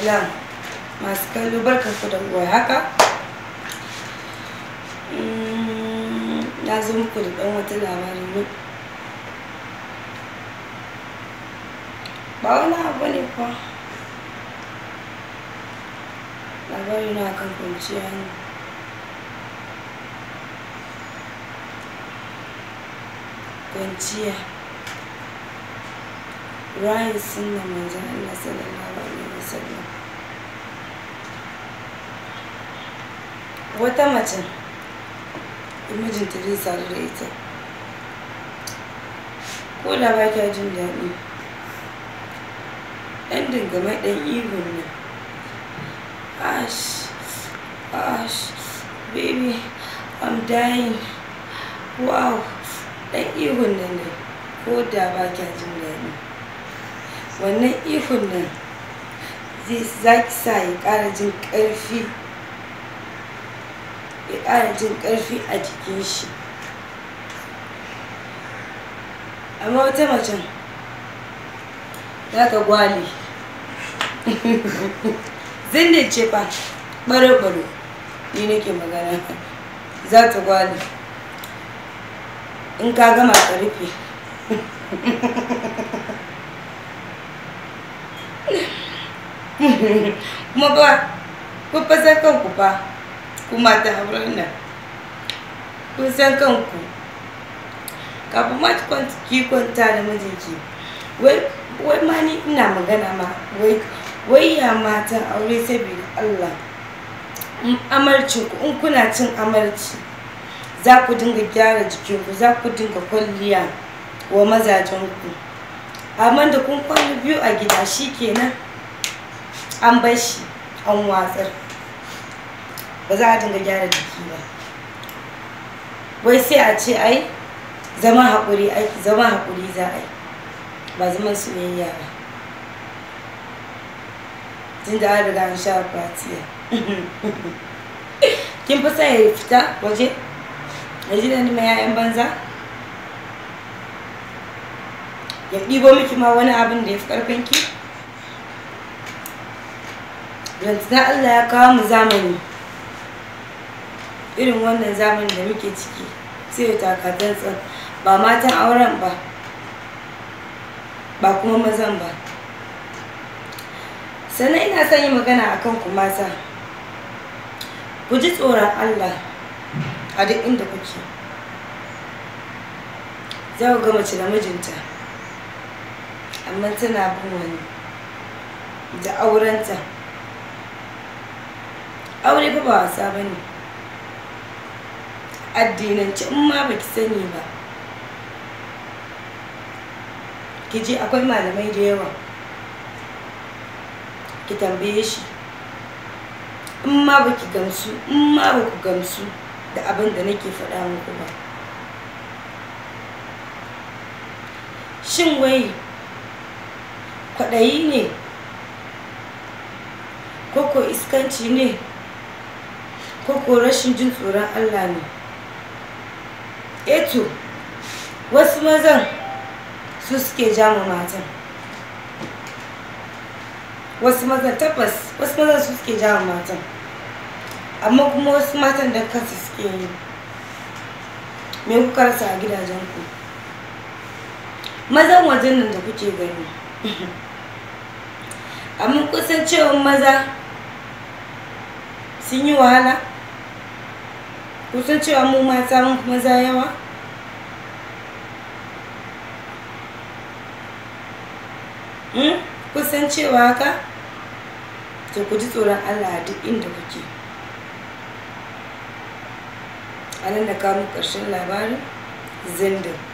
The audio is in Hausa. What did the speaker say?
assalam masu kallo barkar ku da uwa haka na zo muku da ɗan wata labari ne ba wani abu ne kuwa labari na kan kwanciya ne kwanciya rayin sunna manzon Allah sallallahu alaihi wasallam wata mace mijinta zai sadu da ita ko da ba kya jin daɗi ɗan dingamai ɗan ihun ne ash ash baby i'm dying wow ɗan ihun ne ko da ba kya jin daɗi wannan ihun nan zai sa ya ƙara jin ƙarfi ya ƙara jin ƙarfi a jikin shi amma wata macen za ka gwale zindin ce fa ɓaro-ɓaro ni nake magana za ta gwale in ka gama ka rufe kuma ba ku fa san kanku fa ku mata hauren nan kun kanku ka ma ki kwanta da mijinki wai wai ma ni ina magana ma wai wai ya mata aure saboda Allah amarcin ku in cin amarci za ku dinga gyara jikinku za ku dinga kwalliya wa mazajen ku amma da kun kwana biyu a gida shi shikenan an bar shi an watsar ba za a dinga gyara jiki ba wai sai a ce ai zama haƙuri ai zama haƙuri za a yi ba zaman su ya ba tun da an riga an sha fatiya kin fi sa ya fita waje waje da ni mai 'ya'yan banza ya ɗibo miki ma wani abin da ya fi ƙarfin ki yanzu na Allah ya kawo mu zamani irin wannan zamani da muke ciki sai ya taka tsantsan ba matan auren ba ba kuma mazan ba sannan ina son yi magana akan ku mata ku ji tsoron Allah a duk inda kuke za ku ga mace da mijinta amma tana bin wani da aurenta aure fa ba wasa ba ne addinance in ma baki sani ba ki ji akwai malamai da yawa ki tambaye shi in ma baki gamsu in ma baku gamsu da abin da nake faɗa muku ba shin wai kwaɗayi ne koko iskanci ne ko ko rashin jin tsoron Allah ne eto wasu mazan su suke jama matan wasu mazan tabbas wasu mazan su suke jama matan amma kuma wasu matan da kansu suke yi me kuka rasa a gidajenku mazan wajen nan da kuke gani amma kusan cewa maza sun yi wahala kusan cewa mu mata mun maza yawa hmm? kusan cewa haka to ku ji tsoron allah duk inda kuke a nan da kamun ƙarshen labarin zindin